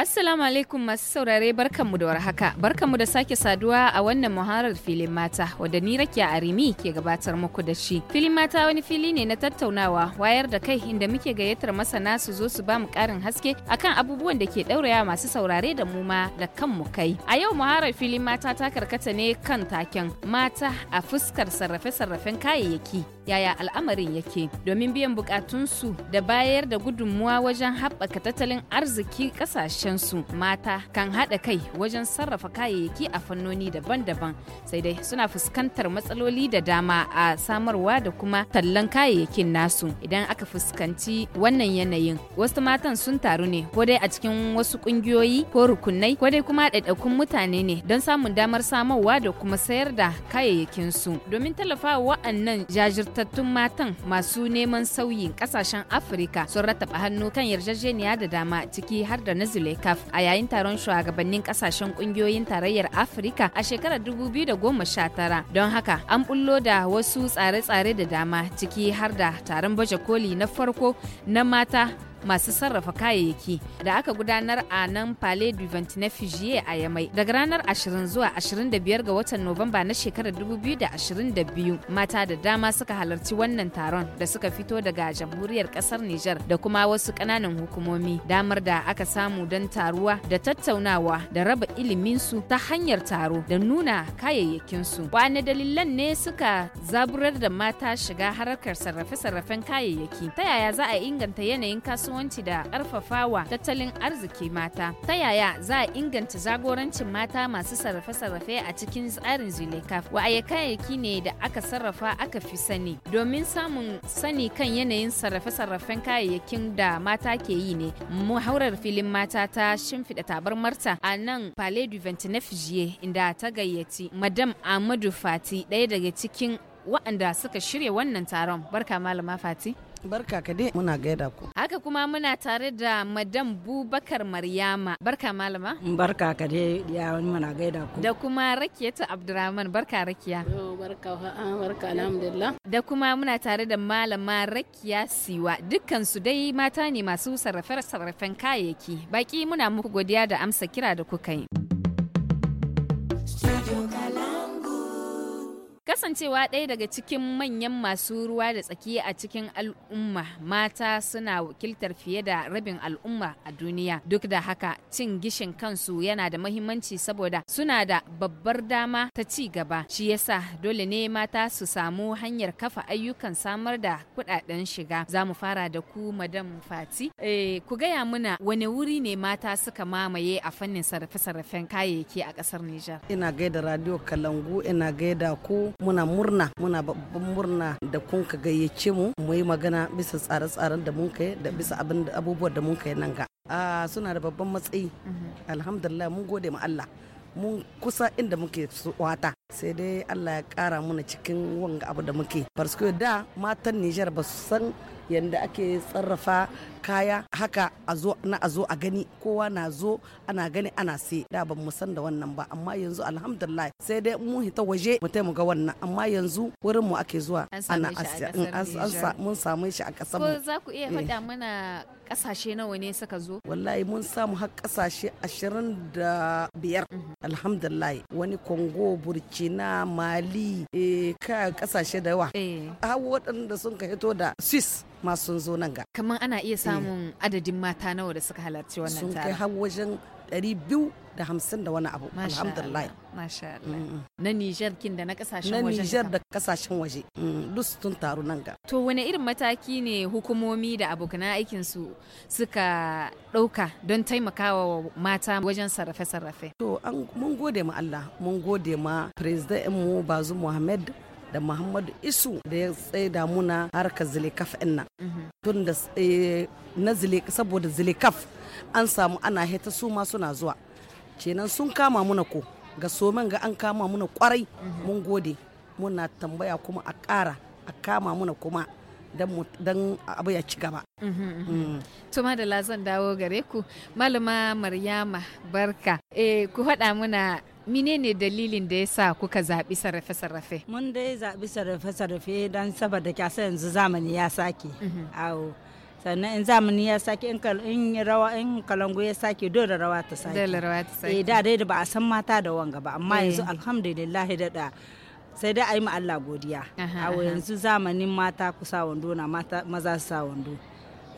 Assalamu alaikum masu saurare barkanmu da warhaka. Barkanmu da sake saduwa a wannan muharar filin mata wadda ni a Arimi ke gabatar muku da shi. Filin mata wani fili ne na tattaunawa wayar da kai inda muke gayyatar masana su zo su bamu karin haske akan abubuwan da ke ɗauraya masu saurare da mu ma da kanmu kai. A yau muharar filin mata ta karkata ne kan taken mata a fuskar sarrafe-sarrafen kayayyaki. yaya al'amarin yake domin biyan bukatunsu da bayar da gudunmuwa wajen haɓaka tattalin arziki ƙasashensu mata kan haɗa kai wajen sarrafa kayayyaki a fannoni daban-daban sai dai suna fuskantar matsaloli da dama a samarwa da kuma tallan kayayyakin nasu idan aka fuskanci wannan yanayin wasu matan sun taru ne ko dai a cikin wasu ƙungiyoyi ko rukunai ko dai kuma ɗaiɗaikun mutane ne don samun damar samarwa da kuma sayar da kayayyakinsu domin tallafa wa'annan jajirta matattun matan masu neman sauyin kasashen Afirka sun rattaba hannu kan yarjejeniya da dama ciki har da na Zulekaf a yayin taron shugabannin kasashen kungiyoyin tarayyar Afirka a shekarar dubu biyu da goma sha tara Don haka an bullo da wasu tsare-tsare da dama ciki har da taron baje koli na farko na mata masu sarrafa kayayyaki da aka gudanar a nan Palais du 29 Fijier a Yamai daga ranar 20 zuwa 25 ga watan Nuwamba na shekarar 2022 mata da dama suka halarci wannan taron da suka fito daga jamhuriyar kasar Nijar da kuma wasu ƙananan hukumomi damar da aka samu don taruwa da tattaunawa da raba iliminsu ta hanyar taro da nuna kayayyakinsu. wani dalilan ne suka zaburar da mata shiga harkar sarrafe-sarrafen kayayyaki ta yaya za a inganta yanayin kasuwanci kasuwanci da ƙarfafawa tattalin arziki mata. Ta yaya za a inganta zagorancin mata masu sarrafe-sarrafe a cikin tsarin Zulekaf? Wa'aye kayayyaki ne da aka sarrafa aka fi sani. Domin samun sani kan yanayin sarrafe-sarrafen kayayyakin da mata ke yi ne, muhaurar filin mata ta shimfiɗa tabarmarta a nan Palais du 29 Jiye inda ta gayyaci Madam Amadu Fati ɗaya daga cikin waɗanda suka shirya wannan taron. Barka Malama Fati. Barka ka dai muna gaida ku. Haka kuma muna tare da Madam Bubakar Maryama. Barka malama. Barka ka dai ya muna gaida ku. Da kuma Rakiyatu Abdurrahman. Barka Rakiya. Barka barka alhamdulillah. Da kuma muna tare da malama Rakiya Siwa. Dukkan su dai mata ne masu sarrafe-sarrafen kayayyaki. Baki muna muku godiya da amsa kira da kuka yi. Kasancewa ɗaya daga cikin manyan masu ruwa da tsaki a cikin al'umma mata suna wakiltar fiye da rabin al'umma a duniya. Duk da haka cin gishin kansu yana da mahimmanci saboda suna da babbar dama ta ci gaba. Shi yasa dole ne mata su samu hanyar kafa ayyukan samar da kudaden shiga. Za mu fara da ku madam Fati. Eh, ku gaya muna wani wuri ne mata suka mamaye a fannin sarrafe-sarrafen kayayyaki a ƙasar Nijar. Ina gaida radio Kalangu, ina gaida ku muna murna muna babban murna da kun ka gayyace mu mu yi magana bisa tsare-tsaren da mun kai da bisa abubuwan da mun kai nan ga suna da babban matsayi mm-hmm. alhamdulillah mun gode ma Allah mun kusa inda muke wata sai dai Allah ya kara muna cikin wanga abu da muke farsko da matan Nijar ba su san yadda ake sarrafa. kaya haka a zo na a zo a gani kowa na zo ana gani ana sai da ban mu san da wannan ba amma yanzu alhamdulillah sai dai mu hita waje mu taimu ga wannan amma yanzu wurin mu ake zuwa ana asiya mun samu shi a kasar mm, mu ko za ku iya eh. faɗa mana kasashe nawa ne suka zo wallahi mun samu har kasashe 25 mhm. alhamdulillah wani congo burkina mali eh ka kasashe da yawa eh waɗanda sun ka hito da swiss ma sun zo nan ga kamar ana iya samun adadin mata nawa da suka halarci wannan taron sun kai har wajen 250 da wani abu alhamdulillah na Nijar kin da na kasashen waje na Nijar da kasashen waje duk sun taru nan ga to wane irin mataki ne hukumomi da abokan aikin su suka dauka don taimakawa mata wajen sarrafe sarrafe to mun gode ma Allah mun gode ma president mu Bazu Muhammad da muhammadu isu da ya tsaida muna harkar zilikaf ɗin nan mhm. tun da eh, na saboda zilikaf an samu ana heta su ma suna zuwa kenan sun kama muna ko ga somen ga an kama muna kwarai mhm. mun gode muna tambaya kuma a ƙara a kama muna kuma don abu ya ci gaba. Mhm, mm. Tuma da zan dawo gare ku, Malama Maryama Barka, eh, ku haɗa muna menene dalilin da ya sa kuka zaɓi sarrafe-sarrafe mun dai zaɓi sarrafe-sarrafe don saboda kyasa yanzu zamani ya sake mhm. awo sannan in zamani ya sake in rawa in kalangu ya sake dole rawa ta sake dole rawa ta sake eh da dai da ba a san mata da wanga ba amma eh. yanzu alhamdulillah da da, sai dai a yi Allah godiya Awo yanzu zamanin mata kusa wando na mata maza su sa wando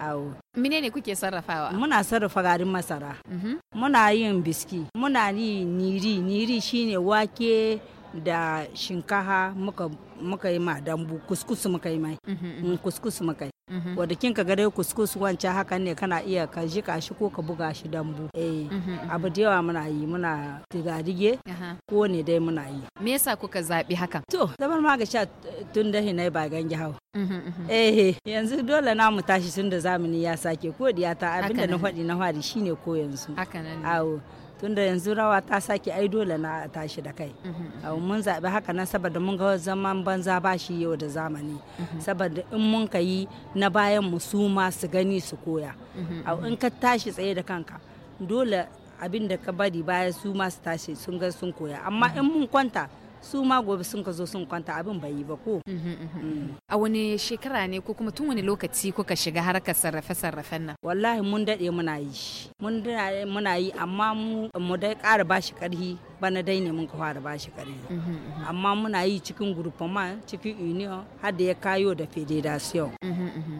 awo mine ne kuke sarrafawa muna sarrafa garin masara mhm. muna yin biski muna yi niri niri shine wake da shinkaha muka yi ma dambu kuskus muka yi mai mhm, mhm. Mm, kuskus muka yi Mm-hmm. wadda kin ka ga dai kuskus wancan hakan ne kana iya ka jika shi ko ka buga shi dambu eh mm-hmm, mm-hmm. abu da yawa muna yi muna digadige ko ne dai muna yi me yasa kuka zabi hakan to zaman ma ga sha tun da hinai ba gangi hau eh yanzu dole na mu tashi tun da zamani ya sake ko diya ta abinda na faɗi na fadi shine ko yanzu haka nan tunda yanzu rawa ta sake ai dole na tashi da kai mhm. mun zaɓi haka nan saboda mun ga zaman banza ba shi yau da zamani mhm. saboda in mun ka yi na bayan mu su ma su gani su koya mhm. in ka tashi tsaye da kanka dole abin da ka bari baya su ma su tashi sun ga sun koya amma in mun kwanta su ma gobe sun ka zo sun kwanta abin bai yi ba ko. Mhm, mhm. Mm. A wani shekara ne ko kuma tun wani lokaci kuka shiga harkar sarrafe-sarrafen nan? Wallahi mun daɗe muna yi. Mun daɗe muna yi amma mu dai ƙara bashi ƙarfi bana dai ne mun ka da bashi kare amma muna yi cikin ma cikin union har da ya kayo da federation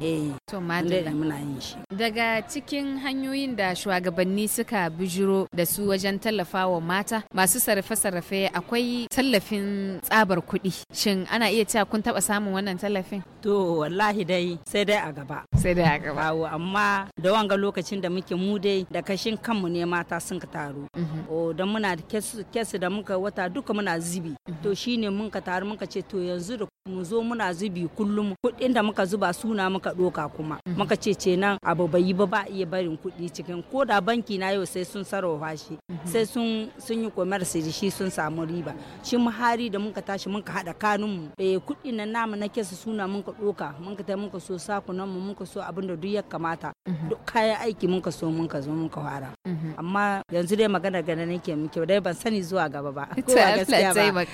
eh to muna yin shi daga cikin hanyoyin da shugabanni suka bijiro da su wajen tallafawa mata masu sarrafe-sarrafe akwai tallafin tsabar kuɗi shin ana iya cewa kun taba samun wannan tallafin to wallahi dai sai dai a gaba sai dai a gaba amma da wanga lokacin da muke mu dai da kashin kanmu ne mata sun ka taru mhm. o oh, da muna da kesu da muka wata duka muna zibi to shine mun ka taru mun ka ce to yanzu da mu zo muna zubi kullum kuɗin da muka zuba suna muka ɗoka kuma mhm. muka ce ce nan abu bai yi ba ba iya barin kuɗi cikin ko da banki na yau sai sun sarrafa shi mhm. sai sun sun yi commerce da shi sun samu riba shi muhari da muka tashi muka haɗa kanun eh kuɗin nan namu na kesa suna muka ɗoka muka ta muka so sakunan mu muka so abin da duk ya kamata mhm. duk kayan aiki muka so muka zo muka fara amma yanzu dai magana gana nake muke dai ban sani zuwa gaba ba ko gaskiya ba.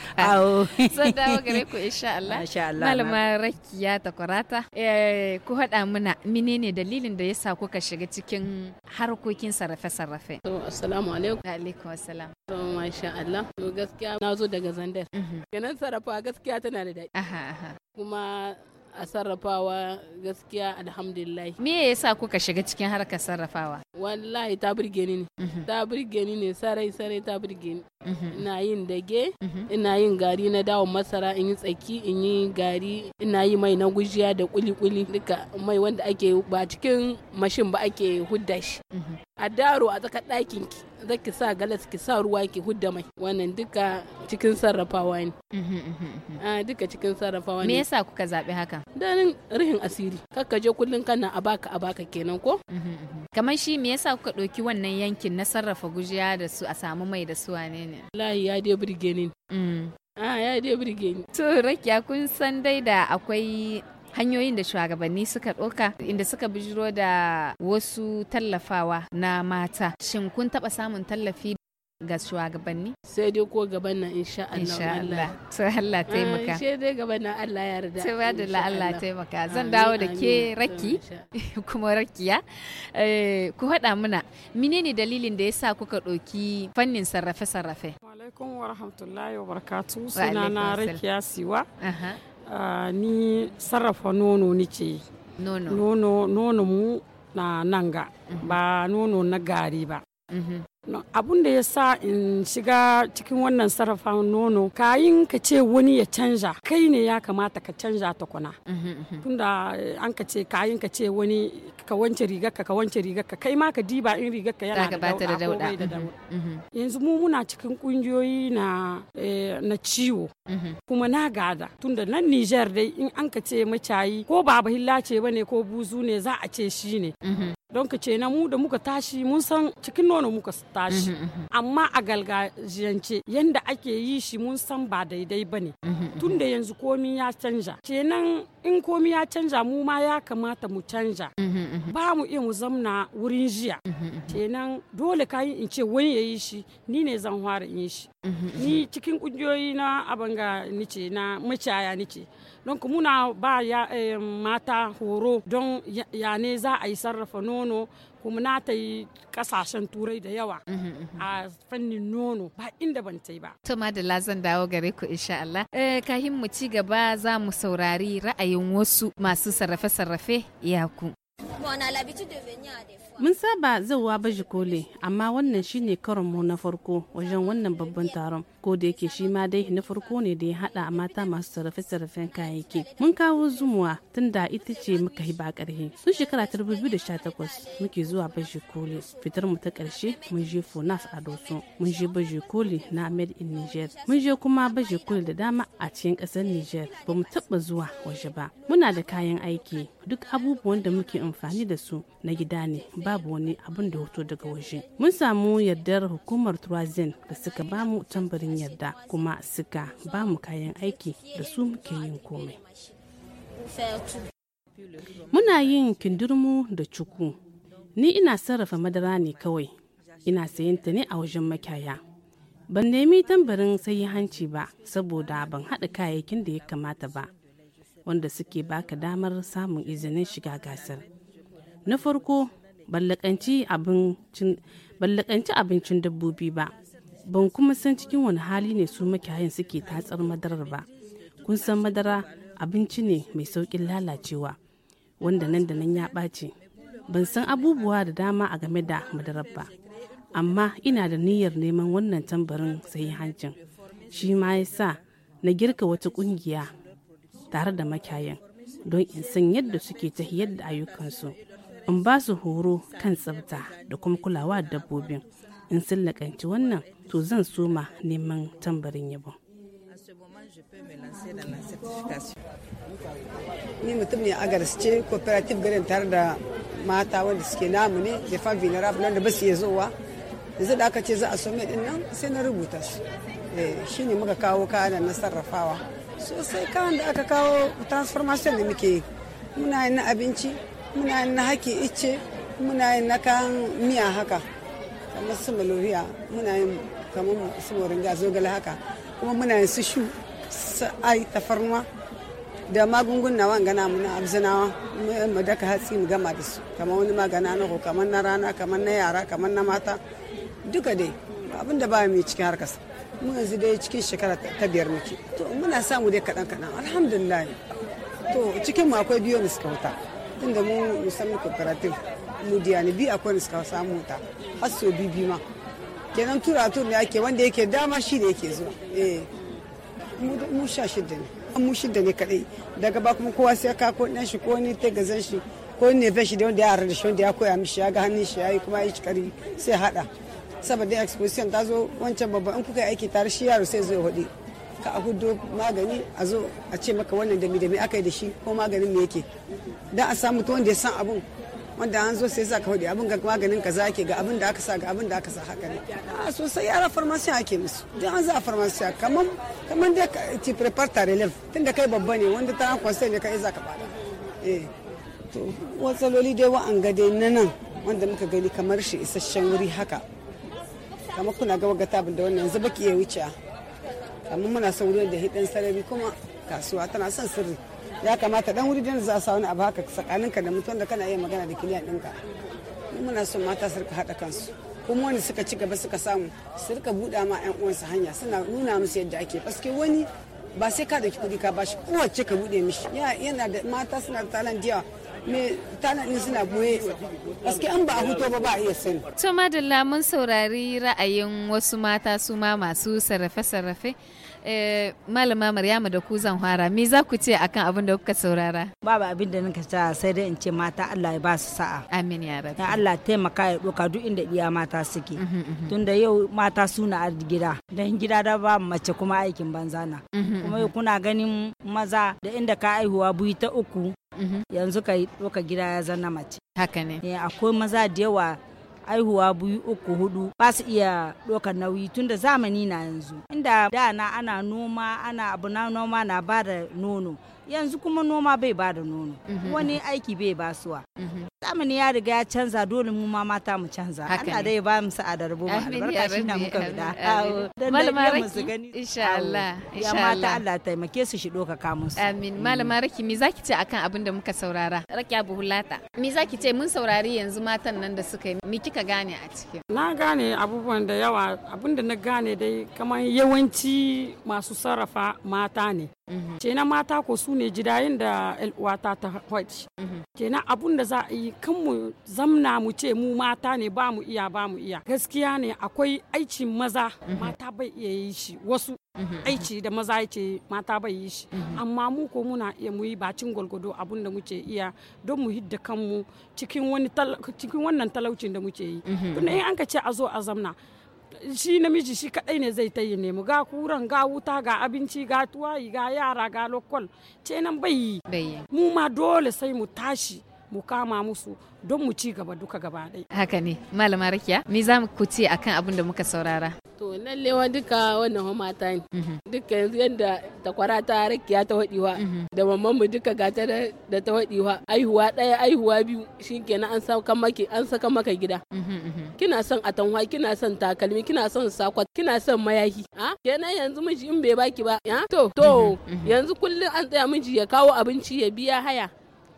Sai dawo gare ku insha Allah. malama rakiya ta kwarata eh, ku haɗa muna menene dalilin da yasa kuka shiga cikin harkokin sarrafe-sarrafe to assalamu alaikum Wa alaikum assalam to masha Allah to gaskiya na zo daga zandar Ganin mhm. sarrafa gaskiya tana da daɗi Aha, aha. kuma a sarrafawa gaskiya alhamdulillah me yasa kuka shiga cikin harkar sarrafawa wallahi ta burge ni ne mhm. ta burge ni ne sarai sarai ta burge ni mhm. ina yin dage mhm. ina yin gari na dawo masara in yi tsaki in yi gari ina yi mai na gujiya da kuli kuli duka mai wanda ake ba cikin mashin ba ake hudda shi a daro a tsakar ɗakin ki zaki sa galas ki sa ruwa ki hudda mai wannan duka cikin sarrafawa ne mhm, mhm, mhm. a ah, duka cikin sarrafawa ne me yasa kuka zaɓi haka dan rihin asiri kaka je kullun kana a baka a baka kenan ko kamar shi me yasa kuka ɗauki wannan yankin na sarrafa gujiya da su a samu mai da su wane ne wallahi ya dai burge ni mm. a ah, ya dai burge ni to rakiya kun san dai da akwai hanyoyin da shugabanni suka ɗauka inda suka bijiro da wasu tallafawa na mata shin kun taɓa samun tallafi ga shugabanni? sai dai ko gaban nan insha Allah to Allah ah, taimaka sai dai gaban nan Allah ya yarda to ya da Allah taimaka zan dawo da ke raki kuma rakiya eh, ku haɗa muna menene dalilin da yasa kuka ɗauki fannin sarrafe sarrafe alaikum wa rahmatullahi wa barakatuh sunana rakiya siwa Ah, ni sarrafa nono ni nono nono mu na nanga mhm. ba nono na gari ba mhm. abun da ya sa in shiga cikin wannan sarrafa nono kayin ka ce wani ya canja kai ne ya kamata ka canja ta kwana mhm, mhm. tunda eh, an ka ce kayin ka ce wani ka wance rigarka ka wance rigarka kai ma ka diba in rigarka yana da dauda mhm, yanzu mu muna cikin kungiyoyi eh, na ciwo kuma na gada tunda nan Niger dai in an ka ce macayi ko baba hilla ce bane ko buzu ne za a ce shi ne don ka ce na mu da muka tashi mun san cikin nono muka tashi amma a galgajiyance yadda ake yi shi mun san ba daidai ba ne tun da yanzu komi ya canja kenan in komi ya canja mu ma ya kamata mu canja ba mu iya mu zamna wurin jiya kenan dole kayan in ce wani ya yi shi ni ne zan fara in yi shi ni cikin kungiyoyi na abanga ce na macaya ce. don muna ba ya, eh, mata horo don ya ne za a yi sarrafa nono kuma na ta yi kasashen turai da yawa mhm, mhm. a fannin nono ba inda ban ta yi ba. To zan dawo gare ku insha Allah. Eh, kahin mu ci gaba za mu saurari ra'ayin wasu masu sarrafe-sarrafe iyaku. Mun saba zauwa baji kole, amma wannan shi ne karonmu na farko wajen wannan babban taron. Ko da yake shi ma dai na farko ne da ya haɗa mata masu sarrafe-sarrafen kayayyaki. Mun kawo zumuwa da ita ce muka yi ba ƙarhe. Sun shekara ta takwas muke zuwa baji kole. Fitar mu ta ƙarshe mun je Funaf a Doso, mun je baji kole na Made in Niger. Mun je kuma baji kole da dama a cikin ƙasar Niger. Ba mu taɓa zuwa waje ba. Muna da kayan aiki duk abubuwan da muke amfani da su na gida ne babu wani abin da hoto daga waje mun samu yardar hukumar turazin da suka bamu tambarin yarda kuma suka bamu kayan aiki da su muke yin komai muna yin kindirmu da cuku ni ina sarrafa madara ne kawai ina sayan ta ne a wajen makaya ban nemi tambarin sayi hanci ba saboda ban haɗa kayayyakin da ya kamata ba wanda suke baka damar samun izinin shiga gasar na farko ballakanci abincin dabbobi ba ban kuma san cikin wani hali ne su makiyayin suke tatsar madarar ba kun san madara abinci ne mai saukin lalacewa wanda nan da nan ya ɓace ban san abubuwa da dama a game da madarar ba amma ina da niyyar neman wannan tambarin sahihancin shi ma ya sa na girka wata ƙungiya. tare da makayan don in san yadda suke ta hiyar da ayyukansu in ba su horo kan tsafta da kuma kulawa da dabbobin in sun lakanci wannan to zan soma neman tambarin yabon ni mutum ne agaris ce cooperative garin tare da mata wanda suke namu ne da fan vinarab nan da basu iya zowa yanzu da aka ce za a soma din nan sai na rubuta su shi eh, ne muka kawo kayan na sarrafawa sosai kawan da aka kawo transformation da muke muna yin na abinci muna yin na haki ice muna yin na kayan miya haka kamar su maloriya muna yin kamar su moringa zogale haka kuma muna yin su shu su ai tafarnuwa da magunguna wangana muna abzinawa mu daka hatsi mu gama da su kamar wani magana na kamar na rana kamar na yara kamar na mata duka dai abin da ba mai cikin harkarsa mun yanzu dai cikin shekara ta biyar muke to muna samu dai kaɗan kaɗan alhamdulillah to cikin mu akwai biyo ne suka wuta tunda mu musamman cooperative mu diya ne biyu akwai ne suka samu wuta har so bibi ma kenan tura tur ne ake wanda yake dama shi ne yake zuwa eh mu sha shidda ne mu shidda ne kaɗai daga ba kuma kowa sai ka ko ɗan shi ko ni ta gazan shi ko ne fashi da wanda ya harar da shi wanda ya koya mishi ya ga hannun shi ya yi kuma ya yi sai haɗa saboda exposition ta zo wancan babban in kuka aiki tare shi yaro sai zai hudu ka a hudu magani a zo a ce maka wannan dami dami aka yi da shi ko maganin me yake dan a samu to wanda ya san abun wanda an zo sai sa ka hudu abin ga maganin kaza ake ga abin da aka sa ga abin da aka sa haka ne a sosai yara farmasiya ake musu dan an za a farmasiya kaman kaman da ti prepare ta relève tunda kai babba ne wanda ta an ne ka za ka bada eh to wasaloli dai wa'an ga dai na nan wanda muka gani kamar shi isasshen wuri haka kamar kuna gaba ga tabin da wannan yanzu baki ya wuce amma muna son wurin da hidan sarari kuma kasuwa tana son sirri ya kamata dan wuri dan za a sa wani abu haka ka da mutum da kana iya magana da kiliyan ɗinka muna son mata su rika hada kansu kuma wani suka ci gaba suka samu su rika buɗa ma 'yan uwansu hanya suna nuna musu yadda ake paske wani ba sai ka dauki kuɗi ka bashi kowace ka buɗe mishi yana da mata suna da talan me tanadin suna an ba a ba ba a iya sani. to madalla mun saurari ra'ayin wasu mata su ma masu sarrafe-sarrafe eh, malama maryama da ku zan fara me za ku ce akan abin da kuka saurara babu abin da nika ta sai dai in ce mata Allah ya ba su sa'a amin ya rabbi Allah taimaka ya doka duk inda iya mata suke mhm, mhm, mhm. tunda yau mata suna a gida dan gida da ba mace kuma aikin banza na kuma kuna ganin maza da inda ka aihuwa buyi ta uku yanzu ka ɗauka gida ya zanna mace haka ne eh, akwai maza da yawa aihuwa biyu uku hudu ba su iya ɗaukar nauyi tunda zamani na yanzu inda da na ana noma ana abu na noma na ba da nono yanzu kuma noma bai ba da nono mhm. wani aiki bai basuwa mhm. zamani ya riga ya canza dole mu ma mata mu canza Allah dai ba mu sa'adar ba albarka shi na muka fida malama raki insha Allah ya mata Allah taimake su shi doka ka musu amin mm. malama raki me zaki ce akan abin da muka saurara raki abu hulata me zaki ce mun saurari yanzu matan nan da suka yi me kika gane a cikin na gane abubuwan da yawa abin da na gane dai kamar yawanci masu sarrafa mata ne ce mhm. na mata ko su ne jidayin da uwata ta hajji kenan abun da za a yi kan mu zamna mu ce mu mata ne ba mu iya ba mu iya gaskiya ne akwai aici maza mata bai iya yi shi wasu aici da maza yake mata bai yi shi amma mu ko muna iya mu yi bacin gwalgwado abun da muke iya don mu hidda kanmu cikin wannan talaucin da muke yi tunda in an ce a zo a zamna shi namiji shi kadai ne zai ta yi nemi ga kuran ga wuta ga abinci ga tuwayi ga yara ga lokol ce nan bai yi mu ma dole sai mu tashi mu kama musu don mu ci gaba duka gaba ɗaya. Haka ne, Malama Rakiya, me za ku ce akan abin da muka saurara? To, lalle wa duka wannan mata ne. Mhm. Duka yanzu yadda takwara ta Rakiya ta waɗiwa, mhm. da mamman mu duka gata da ta waɗiwa, aihuwa ɗaya aihuwa biyu shi kenan an saka maka an saka maka gida. Mhm, kina son atanwa, kina son takalmi, kina son sakwa, kina son mayahi. A? Kenan yanzu miji in bai baki ba, to, to, yanzu kullum an tsaya miji ya kawo abinci ya biya haya.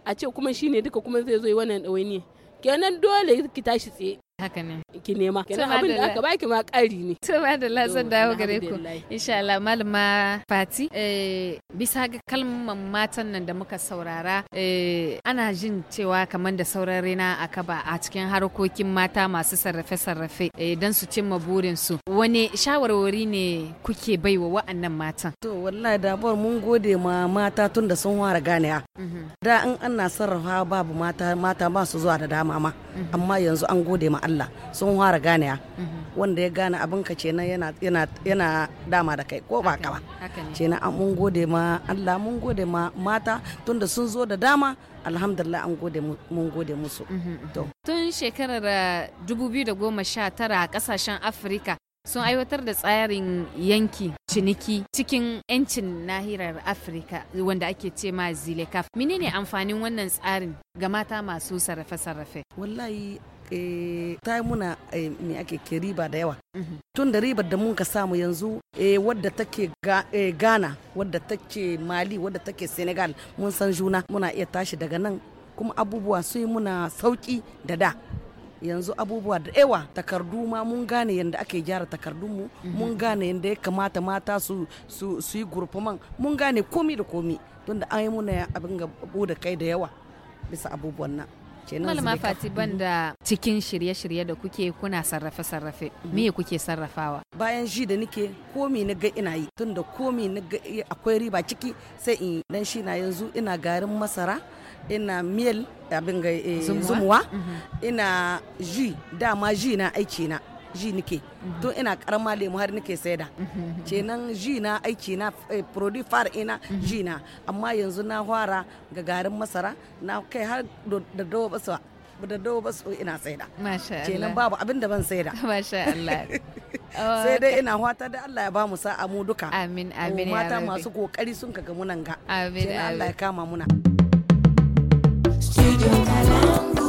a ce kuma shine duka kuma zai zo yi wannan ɗawainiya kenan dole ki tashi tsaye haka ne ki nema kenan abin da aka baki ma ƙari ne to ba da la dawo gare ku insha Allah malama Fati eh, bisa ga kalmar matan nan da muka saurara eh, ana jin cewa kamar da sauran rena aka ba a cikin harkokin mata masu sarrafe sarrafe eh, dan su cimma burin su wani shawarwari ne kuke baiwa wa'annan matan to wallahi damuwar mun gode ma mata tun da sun fara ganewa mhm. da in ana sarrafa babu mata mata ba su zuwa da dama ma mhm. amma yanzu an gode ma Allah sun fara gane mhm. wanda ya gane abin ka kenan yana dama da kai ko ba kawa kenan an mun gode ma Allah mun gode ma mata tunda sun zo da dama alhamdulillah an gode mun gode musu mhm, mhm. to tun shekarar 2019 eh, a kasashen Afirka sun aiwatar da tsarin yanki ciniki cikin 'yancin nahirar afirka wanda ake ce ma zilekaf menene amfanin wannan tsarin ga mata masu sarrafe-sarrafe wallahi Eh, ta yi muna eh, mai ake ke riba da yawa mhm. tun da ribar da mun ka samu yanzu eh, wadda take ghana wadda take mali wadda take senegal mun san juna muna iya tashi daga nan kuma abubuwa su muna sauki da da yanzu abubuwa da yawa takardu ma mun gane yadda ake gyara takardunmu mhm. mun gane yadda ya kamata mata su yi gurfaman mun gane komi da komi tunda an yi muna abin ga da kai da yawa bisa abubuwan nan kenan malama fati banda cikin shirye-shirye da kuke kuna sarrafe-sarrafe mhm. me kuke sarrafawa bayan shi da nike komi na ga ina yi tunda komi na ga eh, akwai riba ciki sai in dan shi na yanzu ina garin masara ina miyal abin ga eh, zumuwa mhm. ina ji dama ji na aiki na ji nike tun ina karama lemu har nike saida kenan ji na aiki na eh, produit fara ina ji na amma yanzu na hwara ga garin masara na kai har da dawa basa da dawa basa ina saida kenan babu abin da ban saida masha Allah sai dai ina hwata da Allah ya ba mu sa'a mu duka amin amin mata masu kokari sun kaga munan ga amin Allah ya kama muna Studio Kalangu.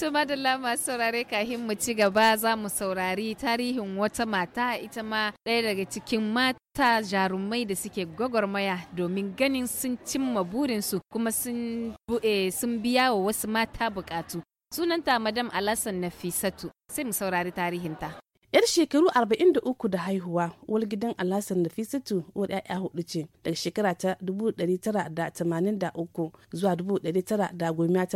To madalla masu saurare kahin mu ci gaba za mu saurari tarihin wata mata ita ma ɗaya daga cikin mata jarumai da suke gwagwarmaya domin ganin sun cimma burinsu kuma sun eh, biya wa wasu mata bukatu. Sunanta Madam Alassan Nafisatu sai mu saurari tarihinta. yar shekaru 43 da haihuwa uwar gidan alhassan nafisatu uwar 'ya'ya hudu ce daga shekara ta 1983 zuwa na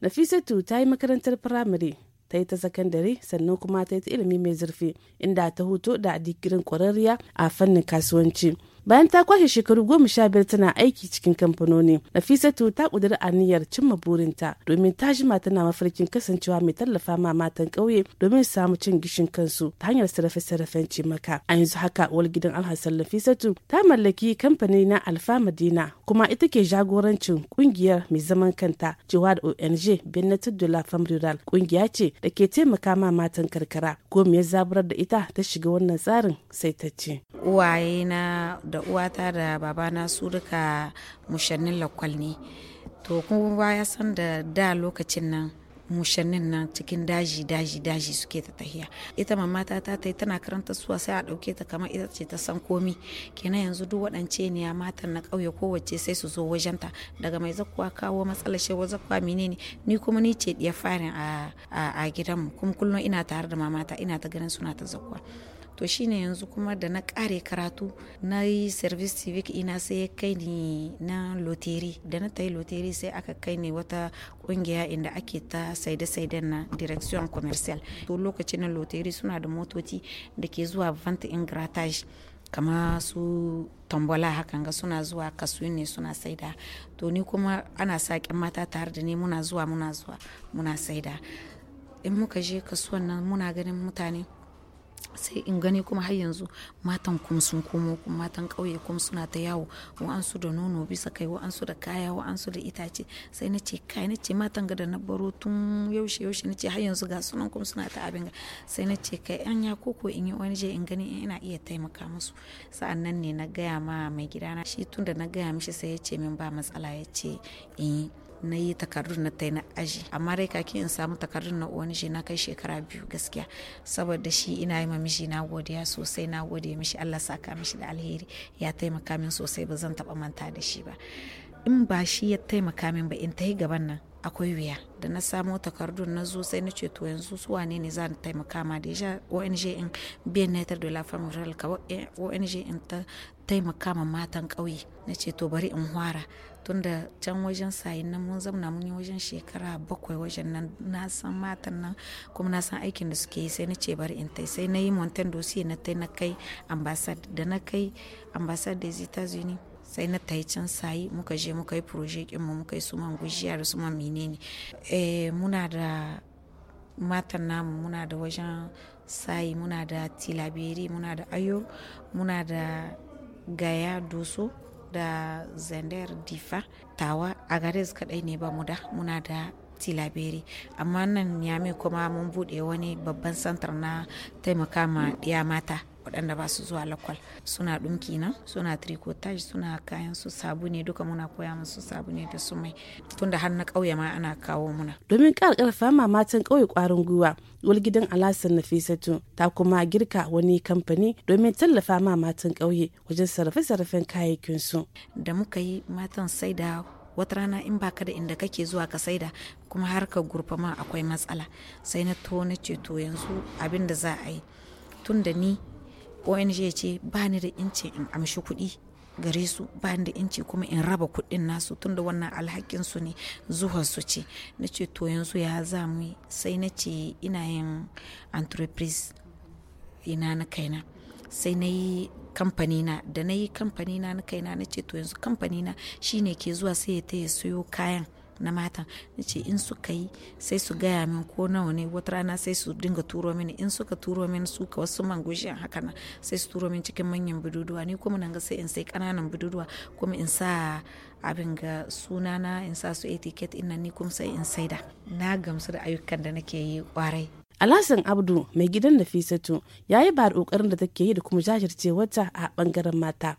nafisatu ta yi makarantar firamare ta yi ta sakandare sannan kuma ta yi ta ilimi mai zurfi inda ta huto da digirin kwararriya a fannin kasuwanci bayan ta kwashe shekaru goma sha biyar tana aiki cikin kamfanoni nafisatu ta kudura aniyar cimma burinta domin ta jima tana mafarkin kasancewa mai tallafa ma matan ƙauye domin samu cin gishin kansu ta hanyar sarrafa sarrafen cimaka a yanzu haka wal gidan alhassan nafisatu ta mallaki kamfani na alfa madina kuma ita ke jagorancin kungiyar mai zaman kanta cewa da ong bennetud de la femme rural kungiya ce da ke taimaka ma matan karkara goma ya zaburar da ita ta shiga wannan tsarin sai ta ce da uwata da babana su duka mushannin lakwal ne to kuma ya san da da lokacin nan mushannin nan cikin daji daji daji suke ta tahiya ita mamma ta ta tana karanta suwa sai a ɗauke ta kamar ita ce ta san komi kenan yanzu duk waɗance ne ya matan na ƙauye kowace sai su zo wajenta daga mai zakkuwa kawo matsalar shi wa zakkuwa menene ni kuma ni ce ɗiya farin a gidanmu kuma kullum ina tare da mamata ina ta ganin suna ta zakkuwa to shine yanzu kuma da na kare karatu na yi service civic ina sai ya kai ni na loteri da na tayi loteri sai aka kai ni wata kungiya inda ake ta saide-saiden na direction commercial to lokacin na loteri suna da motoci da ke zuwa vanta in gratage kama su tambola hakan ga suna zuwa kasu ne suna saida to ni kuma ana sa mata tare da ni muna zuwa muna zuwa muna saida in muka je kasuwan nan muna ganin mutane sai in gani kuma har yanzu matan kuma sun komo kuma matan ƙauye kuma suna ta yawo wa'ansu da nono bisa kai wa'ansu da kaya wa'ansu da itace sai na ce kai na ce matan ga da na baro tun yaushe yaushe na ce har yanzu ga sunan kuma suna ta abin sai na ce kai an ya koko in yi wani je in gani in ina iya taimaka musu sa'an nan ne na gaya ma mai gidana shi tun da na gaya mishi sai ya ce min ba matsala ya ce in eh. yi na yi takardun na ta na aji amma dai kake in samu takardun na uwan na kai shekara biyu gaskiya saboda shi ina yi mamishi na godiya sosai na gode mishi Allah saka mishi da alheri ya taimaka min sosai ba zan taba manta da shi ba in ba shi ya taimaka min ba in ta yi gaban nan akwai wuya da na samu takardun na zo sai na ce to yanzu su wane ne za ni taimaka ma ya ong in biyan da la femme rural ong in ta taimaka ma matan ƙauye na ce to bari in hwara tunda can wajen sayin nan mun zauna mun yi wajen shekara bakwai wajen nan na san matan nan kuma na san aikin da suke yi sai na ce bari in tai sai na yi montan dosi na tai na kai ambassad da na kai ambassad da zita zuni sai na tai can sayi muka je muka yi proje mu muka yi suman gujiya da suma menene eh muna da matan namu muna da wajen sayi muna da tilabiri muna da ayo muna da gaya doso da zender difa tawa a garis kadai ne ba mu da muna da tilaberi amma nan yami kuma mun bude wani babban santar na taimaka ma ya mata waɗanda ba su zuwa lokal suna ɗunki nan suna trikotage suna kayan su sabu ne duka muna koya musu sabu ne da su mai tunda har na ƙauye ma ana kawo muna. domin ƙara ƙarfa ma matan ƙauye ƙwarin gwiwa gidan alasan nafisatu ta kuma girka wani kamfani domin tallafa ma matan ƙauye wajen sarrafe-sarrafen su. da muka yi matan saida wata rana in baka da inda kake zuwa ka saida kuma har ka gurfa ma akwai matsala sai na to na ce yanzu abin da za a yi tunda ni ong ya ce ba ni da inci in amshi kuɗi gare su ba ni da inci kuma in raba kuɗin nasu tunda wannan alhakin su ne zuwan su ce na ce to yanzu ya za sai na ce ina yin entreprise ina na kaina sai na yi kamfanina da na yi kamfanina na kaina na ce to yanzu kamfanina shine ke zuwa sai ya taya siyo kayan na matan na ce in suka yi sai su gaya min ko nawa ne wata rana sai su dinga turo mini in suka turo mini su ka wasu man gushiyan haka na sai su turo min cikin manyan bududuwa ni kuma nan ga sai in sai kananan bududuwa kuma in sa abin ga sunana in sa su etiket ina ni kuma sai in saida na gamsu da ayyukan da nake yi kwarai Alhassan Abdu mai gidan Nafisatu ya yi ba da kokarin da take yi da kuma jajircewarta a bangaren mata.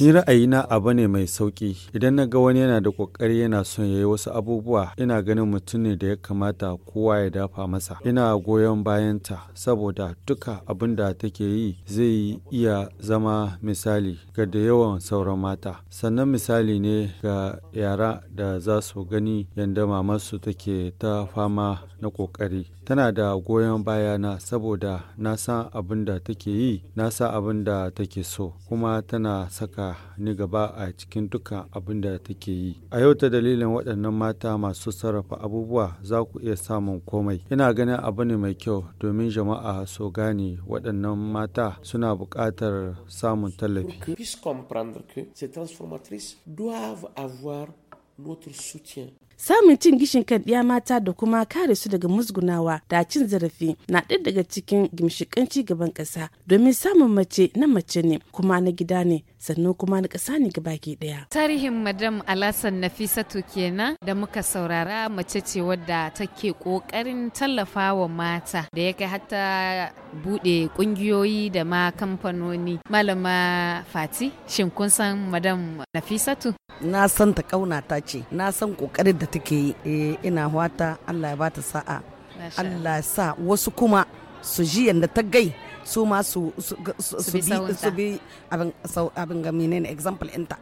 Ni ra'ayina abu ne mai sauƙi. Idan na ga wani yana da kokari yana son ya yi wasu abubuwa, ina ganin mutum ne da ya kamata kowa ya dafa masa. Ina goyon bayanta saboda duka abin da take yi zai iya zama misali ga da yawan sauran mata. Sannan misali ne ga yara da za su gani yadda mamarsu take ta fama na kokari. Tana da goyon bayana saboda na san abin da take yi, na san abin da take so, kuma tana saka ni gaba a cikin dukkan abin da take yi. A yau ta dalilin waɗannan mata masu sarrafa abubuwa za ku iya samun komai. Ina ganin abu ne mai kyau domin jama'a so gane waɗannan mata suna buƙatar samun tallafi. samun cin gishin kan ɗiya mata da kuma kare su daga musgunawa da cin zarafi na ɗaya daga cikin gimshiƙan ci gaban ƙasa domin samun mace na mace ne kuma na gida ne sannan kuma na ƙasa ne baki ɗaya. Tarihin Madam Alasan Nafisatu kenan da muka saurara mace ce wadda take ƙoƙarin tallafa wa mata da ya kai hatta buɗe ƙungiyoyi da ma kamfanoni. Malama Fati, shin kun san Madam Nafisatu? Na san ta ta ce, na san ƙoƙarin da take yi, eh, ina wata Allah ya bata sa'a. Allah sa wasu kuma su ji yadda ta gai su ma su bi abin ga menene example inta.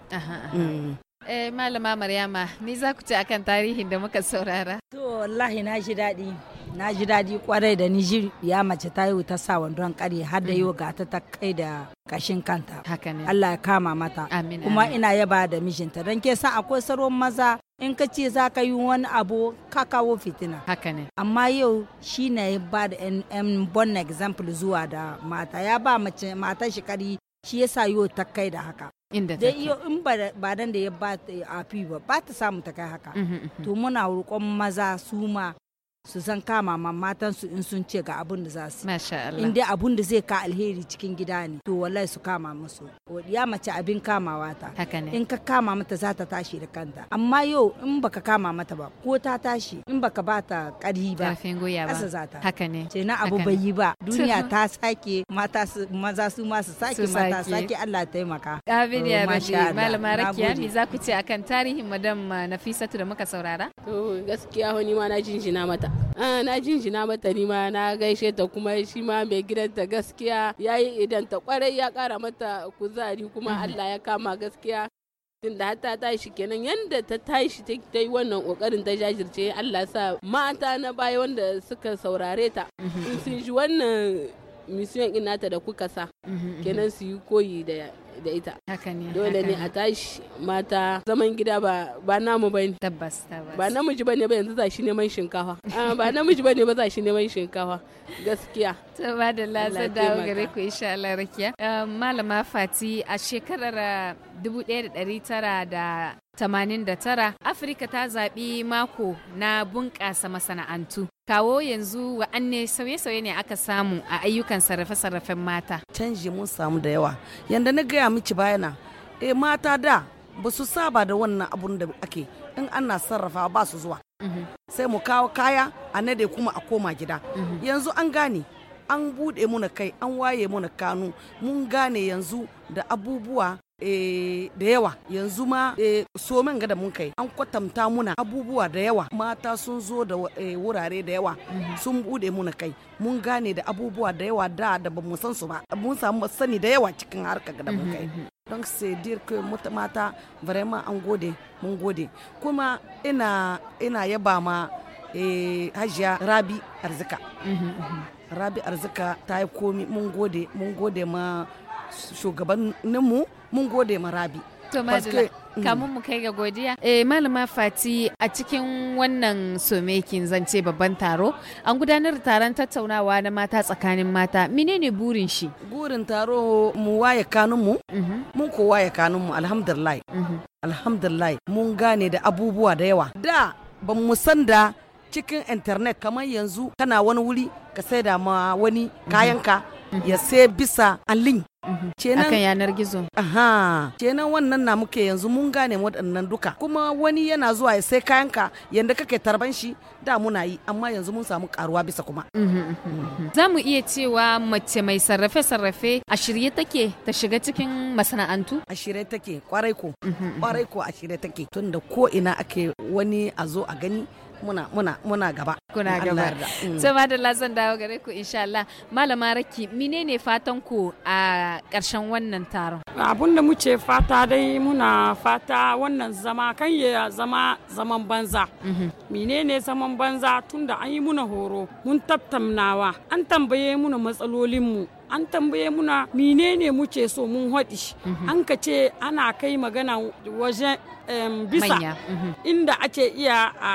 Mm. Eh, Malama Maryama, ni za ku ci akan tarihin da muka saurara. To, wallahi na ji daɗi. Na ji daɗi kwarai da ni ya mace ta yi ta sa wandon kare har da mm. yau ga ta kai da kashin kanta. Allah ya kama mata. Kuma ina yaba da mijinta don ke san akwai saron maza in ka ce za ka yi wani abu ka kawo fitina haka ne amma yau shi na ya ba da yan bon example zuwa da mata ya ba mace mata shekari shi ya sa yau ta kai da haka inda ta kai in ba dan da ya ba a fi ba ba ta samu ta kai haka mhm, mhm. to muna roƙon maza su ma su zan kama ma matan su in sun ce ga abun da za su in dai abun da zai ka alheri cikin gida ne to wallahi su kama musu ya mace abin kamawa ta in ka kama mata za ta tashi da kanta amma yau in baka kama mata ba ko ta tashi in baka ba ta karhi ba kasa za ta haka ne ce na abu bai yi ba duniya ta sake mata su maza su ma su sake mata sake Allah taimaka amin ya oh, rabi malama rakiya mi za ku ce akan tarihin madam Nafisatu da muka saurara to gaskiya wani ma na jinjina mata Ah, na jinjina mata nima na gaishe ta kuma shi ma mai gidanta gaskiya ya yi idan ta kwarai ya kara mata kuzari kuma mhm. Allah ya kama gaskiya tun da ta tashi kenan yadda ta tashi ta yi wannan kokarin ta jajirce Allah sa mata na baya wanda suka saurare ta mhm, mhm, sun ji wannan misiyon inata da kuka sa kenan su yi koyi da da ita haka ne dole ne a tashi mata zaman gida ba ba namu bane tabbas tabbas ba namiji bane ba yanzu za shi neman shinkafa ah, ba namiji bane ba za shi neman shinkafa gaskiya to ba da lasa dawo gare ku insha Allah rakiya ah, malama Fati a shekarar 1989 ah, afirka ta zaɓi mako na bunƙasa masana'antu kawo yanzu wa'anne sauye-sauye ne aka samu a ayyukan sarrafe-sarrafen mata canji mun samu da yawa yadda na gaya gaya miki bayana eh mata da ba su saba da wannan abun da ake in ana sarrafa ba su zuwa mhm. sai mu kawo kaya a nade kuma a koma gida mhm. yanzu an gane an buɗe muna kai an waye muna kanu mun gane yanzu da abubuwa Eh, da yawa yanzu ma eh, so min ga da mun kai an kwatanta muna abubuwa da yawa mata sun zo da eh, wurare da yawa mhm. sun bude muna kai mun gane da abubuwa da yawa da da ba mu san su ba mun samu sani da yawa cikin harka ga da mun kai mhm, mhm, don se dir ke mata vraiment an gode mun gode kuma ina ina yaba ma hajiya rabi arzika rabi arzika ta yi komi mun gode mun gode ma shugabanninmu mun gode marabi. To mm. kamun mu kai ga godiya. Eh malama Fati a cikin wannan somekin zance babban taro, an gudanar da taron tattaunawa na mata tsakanin mata. Menene burin shi? Burin taro mu waye kanunmu? Mhm. Mun ko waye kanunmu alhamdulillah. Mhm. Alhamdulillah mun gane da abubuwa da yawa. Da ba mu san da cikin internet kamar yanzu kana wani wuri ka da ma wani mhm. kayanka ya sai bisa alin. Mhm. kenan akan yanar gizo aha kenan wannan na muke yanzu mun gane waɗannan duka kuma wani yana zuwa ya sai kayanka yanda kake tarban shi da muna yi amma yanzu mun samu karuwa bisa kuma mhm, mhm, za mu iya cewa mace mai sarrafe sarrafe a shirye take ta shiga cikin masana'antu a shirye take kwarai ko kwarai ko a shirye take tunda ko ina ake wani a zo a gani muna muna muna gaba kuna gaba so mm. ma da lazan dawo gare ku insha Allah malama raki menene fatan ku a karshen wannan taron abun da muke fata dai muna fata wannan zama kan ya zama zaman banza mhm. menene zaman banza tunda an yi muna horo mun tattaunawa an tambaye muna matsalolin mu an tambaye muna menene muke so mun haɗi mhm. an ka ce ana kai magana wajen bisa mhm. inda ake iya a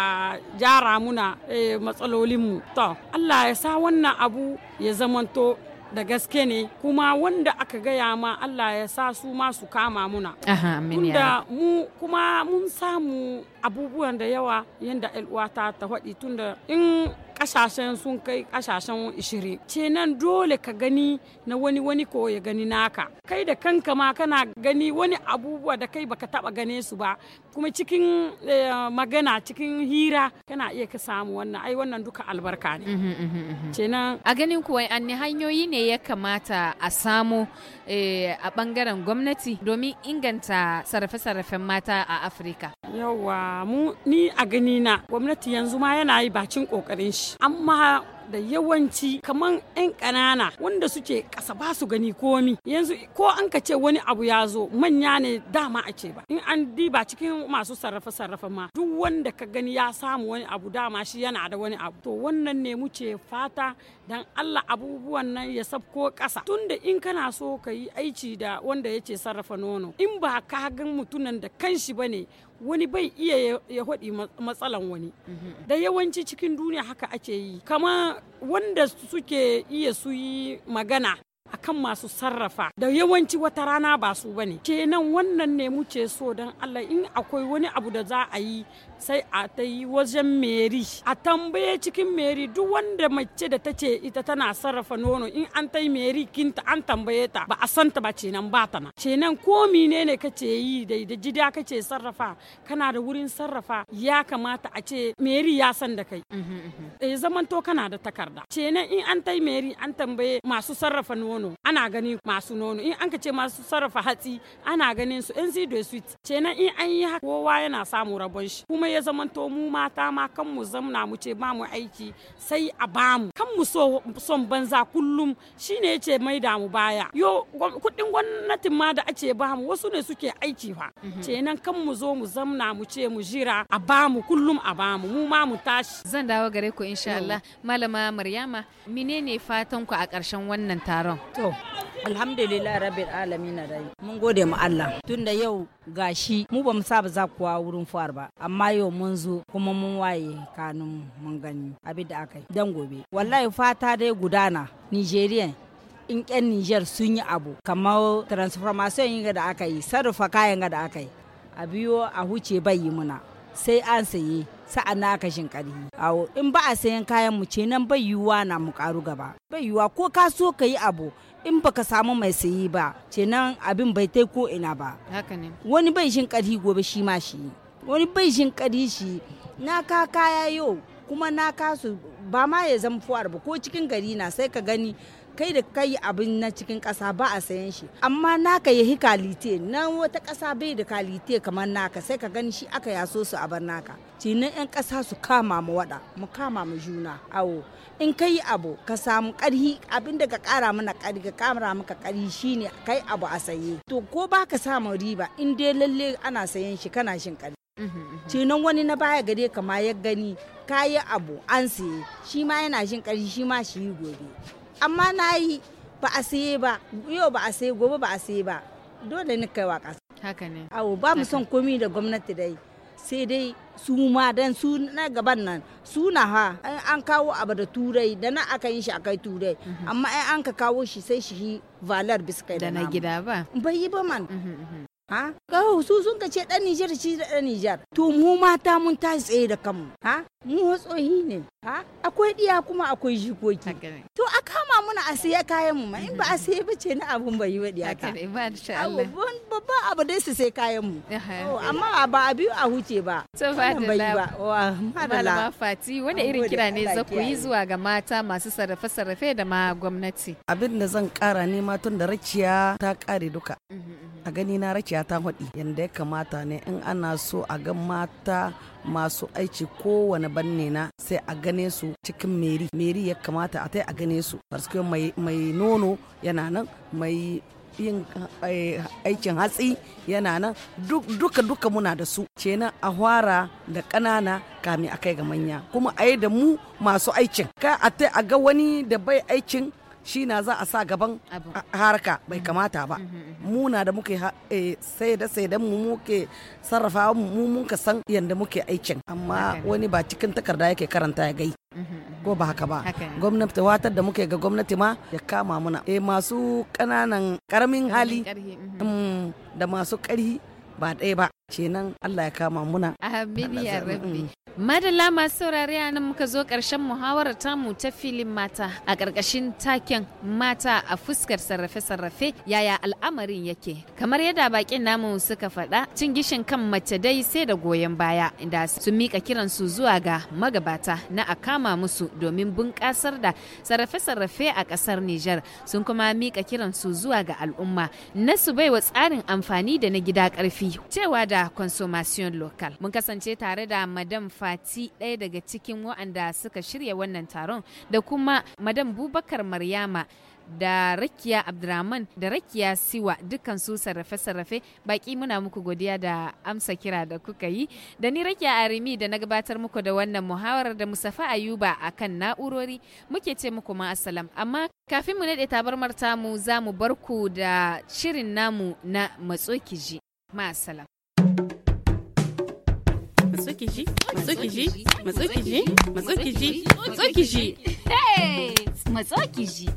jara muna eh, matsalolinmu to Allah ya sa wannan abu ya zamanto da gaske ne kuma wanda aka gaya ma Allah ya sa su ma su kama muna. Wanda mu kuma mun samu abubuwan da yawa yadda uwata ta faɗi tunda in ƙasashen sun kai kasashen 20 ce nan dole ka gani na wani wani ko ya gani naka kai da kanka ma kana gani wani abubuwa da kai baka taba gane su ba kuma cikin eh, magana cikin hira kana iya ka samu wannan ai wannan duka albarka ne uhuh, uhuh, uhuh. kenan a ganin kuwa anni hanyoyi ne ya kamata a samu eh, a bangaren gwamnati domin inganta sarrafe-sarrafen mata a afirka yawa mu ni a gani na gwamnati yanzu ma yana yi bacin kokarin shi amma da yawanci kamar 'yan ƙanana wanda suke ƙasa ba su gani komi yanzu ko an ka ce wani abu ya zo manya ne dama a ce ba in an diba cikin masu sarrafa sarrafa ma duk wanda ka gani ya samu wani abu dama shi yana da wani abu to wannan ne mu ce fata dan Allah abubuwan nan ya sabko ƙasa tunda in kana so ka yi aiki da wanda yake sarrafa nono in ba ka gan mutunan da kanshi bane wani bai iya ya haɗi matsalan wani mhm. da yawanci cikin duniya haka ake yi kama wanda suke iya su yi magana akan masu sarrafa da yawanci wata rana ba su bane kenan wannan ne muke so don Allah in akwai wani abu da za a yi sai a ta yi wajen meri a tambaye cikin meri duk wanda mace da ta ce ita tana sarrafa nono in an ta yi meri kinta an tambaye ta ba a santa ba cenan ba ta na cenan ko mine ne ka ce yi da da jida ka ce sarrafa kana da wurin sarrafa ya kamata a ce meri ya san da kai ya mhm, mhm. eh, to kana da takarda cenan in an ta yi meri an tambaye masu sarrafa nono ana gani masu nono in an ka ce masu sarrafa hatsi ana ganin su in si sweet sweet cenan in an yi kowa yana samu rabon shi kuma ya zamanto mu mata ma kan mu zamna mu ce ba mu aiki sai a bamu kan mu so son banza kullum shine yace mai da mu baya yo kudin gwamnatin ma da ba mu wasu ne suke aiki fa mhm. nan kan mu zo mu zamna mu ce mu jira a ba mu kullum a ba mu mu ma mu tashi zan dawo gare ku insha Allah malama Maryama menene fatan ku a karshen wannan taron to alhamdulillah rabbil alamin dai mun gode mu Allah tunda yau gashi mu ba mu saba za kuwa wurin fuwar ba amma yau mun zo kuma mun waye kanun mun gani abin da aka yi dan gobe wallahi fata dai gudana nigerian in yan niger sun yi abu kamar transformation yin da aka yi sarrafa kayan da aka yi a biyo a huce bai yi muna sai an saye sa'an na aka shin karhi awo in ba a sayan kayan mu ce nan bai yiwuwa na mu karu gaba bai yiwuwa ko ka so ka yi abu in baka samu mai sayi ba kenan abin bai tai ko ina ba wani bai jin kadi gobe shi ma shi wani bai jin kadi shi na ka kaya yau kuma na kasu ba ma ya zama fuwar ba ko cikin gari na sai ka gani kai da kai abin na cikin ƙasa ba a sayan shi amma naka ya hi kalite nan wata ƙasa bai da kalite kamar naka sai ka gani shi aka yaso su a bar naka cinan 'yan ƙasa su kama mu wada, mu kama mu juna awo in ka yi abu ka samu ƙarhi abin da ka ƙara mana ƙarhi ka ƙara maka ƙarhi shine kai abu a saye to ko ba ka samun riba in dai lalle ana sayan shi kana shin ƙarhi cinan wani na baya gare kama ya gani kayi abu an saye shi ma yana shin ƙarhi shi ma shi yi gobe amma na yi ba a siye ba yau ba a siye gobe ba a siye ba dole ni kai wa kasa haka ne awo ba mu son komi da gwamnati dai sai dai su ma dan su na gaban nan su na ha an kawo abu da turai da na aka yi shi a kai turai mhm. amma ai an ka kawo shi sai shi valar biskai da na gida ba bai yi ba man mhm, mhm. ha kawo su sun ka ce dan Nijar shi da dan Nijar to mu mata mun ta tsaye da kanmu ha mu hotsohi ne ha akwai diya kuma akwai jikoki to a kama muna a siya kayan mu in ba a siya ba ce na abun bai yi wa diya ka babban abu dai su sai kayan mu amma ba a biyu a huce ba to fadila malama fati wani irin kira ne za ku yi zuwa ga mata masu sarrafe sarrafe da ma gwamnati abin da zan kara ne tun da rakiya ta kare duka mhm, mhm. a gani na rakiya ta haɗi yadda ya kamata ne in ana so a ga mata masu aiki kowane banne na sai a gane su cikin meri meri ya kamata a tai a gane su parce mai nono yana nan mai yin eh, aikin hatsi yana nan duka duka muna da su kenan a hwara da kanana kami a kai ga manya kuma a da mu masu aikin ka a ta a ga wani da bai aikin shi na za a sa gaban harka bai mm-hmm. kamata ba mm-hmm, mm-hmm. muna da muke eh, sai da sai da mu muke sarrafa mu mun ka san yadda muke aikin amma wani ba cikin takarda yake karanta ya gai ko ba haka ba gwamnati watar da muke ga gwamnati ma ya kama muna eh masu kananan karamin hali mm, da masu karhi ba ɗaya ba kenan Allah ya kama muna amin ya rabbi madalla masu saurare a nan muka zo ƙarshen muhawarar tamu ta filin mata a ƙarƙashin taken mata a fuskar sarrafe-sarrafe yaya al'amarin yake kamar yadda bakin namu suka faɗa cin gishin kan mace dai sai da goyon baya inda su mika kiran su zuwa ga magabata na a kama musu domin bunƙasar da sarrafe-sarrafe a ƙasar Nijar sun kuma mika kiran su zuwa ga al'umma na su baiwa tsarin amfani da na gida ƙarfi cewa da consommation local mun kasance tare da madam fati ɗaya daga cikin waɗanda suka shirya wannan taron da kuma madam bubakar maryama da rakiya abdurrahman da rakiya siwa dukkan su sarrafe-sarrafe baki muna muku godiya da amsa kira da kuka yi da ni rakiya arimi da na gabatar muku da wannan muhawarar da musafa ayuba a kan na'urori muke ce muku ma asalam amma kafin mu naɗe tabarmar tamu za mu barku da shirin namu na matso kiji ma'asala. Matsukiji, matsukiji, matsukiji, matsukiji, matsukiji. Hey! Matsukiji.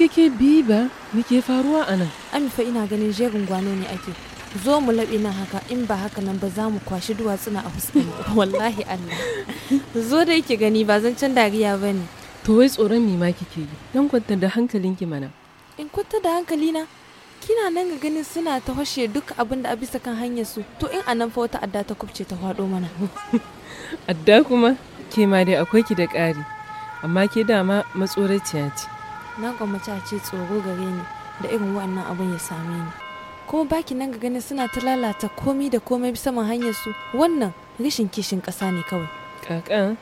kike bi ba me faruwa a nan amifa ina ganin jerin gwano ne ake zo mu laɓe nan haka in ba haka nan ba za mu kwashi duwatsuna a fuskar wallahi allah zo da yake gani ba zan can dariya ba ne to wai tsoron ma kike yi dan kwanta da hankalinki mana in kwanta da hankalina kina nan ga ganin suna ta hoshe duk abin da a bisa kan hanyar su to in a nan fa wata adda ta kubce ta hwado mana adda kuma ke ma dai akwai ki da ƙari amma ke dama matsoraciya ce na gwammaci a ce tsoro gare ni da irin wannan abin ya same ni kuma baki nan ga ganin suna ta lalata komi da komai saman hanyar su wannan rashin kishin ƙasa ne kawai kaka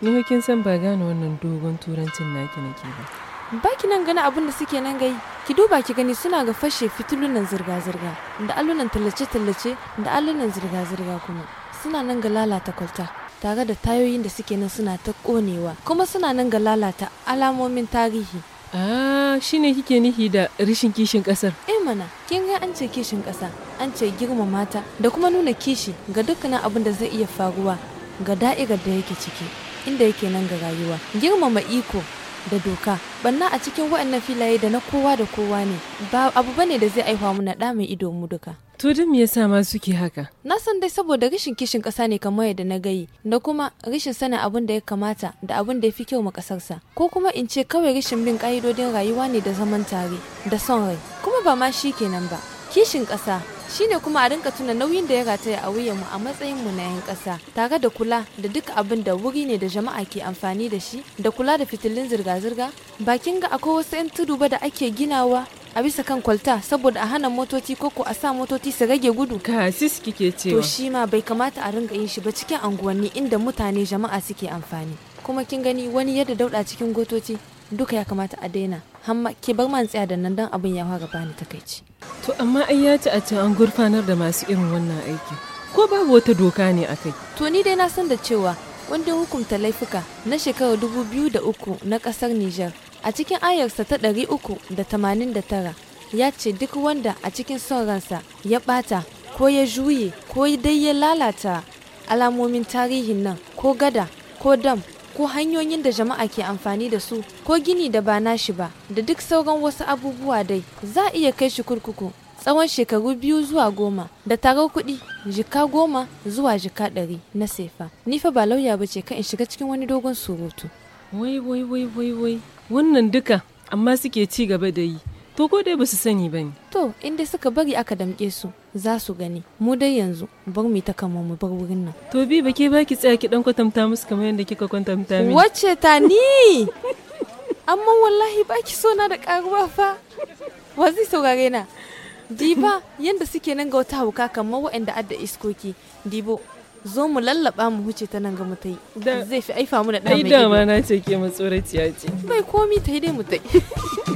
ni kin san ba gane wannan dogon turancin naki nake ba baki nan gani abin da suke nan gai ki duba ki gani suna ga fashe fitilunan zirga-zirga da alunan tallace-tallace da alunan zirga-zirga kuma suna nan ga lalata kwalta tare da tayoyin da suke nan suna ta konewa kuma suna nan ga lalata alamomin tarihi Ah, shine kike nihi da rishin kishin kasar. Eh mana, kin ga an ce kishin ƙasa an ce girma mata da kuma nuna kishi ga dukkanin abin da zai iya faruwa ga da'irar da yake ciki, inda yake nan ga rayuwa. Girmama iko da doka banna a cikin waɗannan filaye da na kowa da kowa ne ba abu bane da zai aihuwa mu na ɗa mai ido mu duka To da me yasa ma suke haka? Na san dai saboda rashin kishin ƙasa ne kamar yadda na gayi, da kuma rashin sanin abin da ya kamata da abin da ya fi kyau ma ƙasarsa. Ko kuma in ce kawai rashin bin ƙa'idodin rayuwa ne da zaman tare, da son rai, kuma ba ma shi kenan ba. Kishin ƙasa shine kuma a rinka tuna nauyin da ya rataya a wuyanmu a matsayin mu na 'yan ƙasa tare da kula da duk abin da wuri ne da jama'a ke amfani da shi da kula da fitilun zirga-zirga Ba kin ga akwai wasu 'yan tudu ba da ake ginawa a bisa kan kwalta saboda a hana motoci ko a sa motoci su rage gudu ka sis kike cewa to shi ma bai kamata a rinka yin shi ba cikin anguwanni inda mutane jama'a suke amfani kuma kin gani wani yadda dauda cikin gotoci duka ya kamata a daina ke bar man tsaya da nan dan abin ya fara bani takaici to amma ai ya ci a ce an gurfanar da masu irin wannan aiki ko babu wata doka ne a kai. to ni dai na san da cewa wanda hukunta laifuka na shekarar uku na kasar Nijar a cikin ayarsa ta ɗari uku da 389 ya ce duk wanda a cikin son ransa ya ɓata ko ya juye ko dai ya lalata alamomin tarihin nan ko gada ko dam ko hanyoyin da jama'a ke amfani da su ko gini da ba nashi ba da duk sauran wasu abubuwa dai za a iya kai shi kurkuku tsawon shekaru biyu zuwa goma da tarar kuɗi jika goma zuwa jika ɗari na sefa nifa ba lauya ba ce kan in shiga cikin wani dogon surutu wai wai wai wai wai wannan duka amma suke ci gaba da yi To ko dai basu sani bane. To inda suka bari aka damƙe su za su gani. Mu dai yanzu bar mu ta kama mu bar wurin nan. To bi ba ke ba ki tsaya ki dan kwatanta musu kamar yadda kika kwatanta mini. Wacce ta ni? Amma wallahi ba ki so na da karuwa fa. Wa zai saurare na? Diba yanda suke nan ga wata hauka kamar waɗanda adda iskoki. Dibo zo mu lallaba mu huce ta nan ga mu ta yi zai fi aifa mu da ɗan mai gida. Ai dama na ce ke matsoraciya ce. Bai komi ta yi dai mu ta yi.